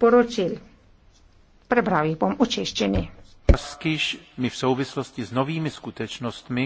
poročil. Prebral jih bom v češčini. Paskiš mi v souvislosti s novými skutečnostmi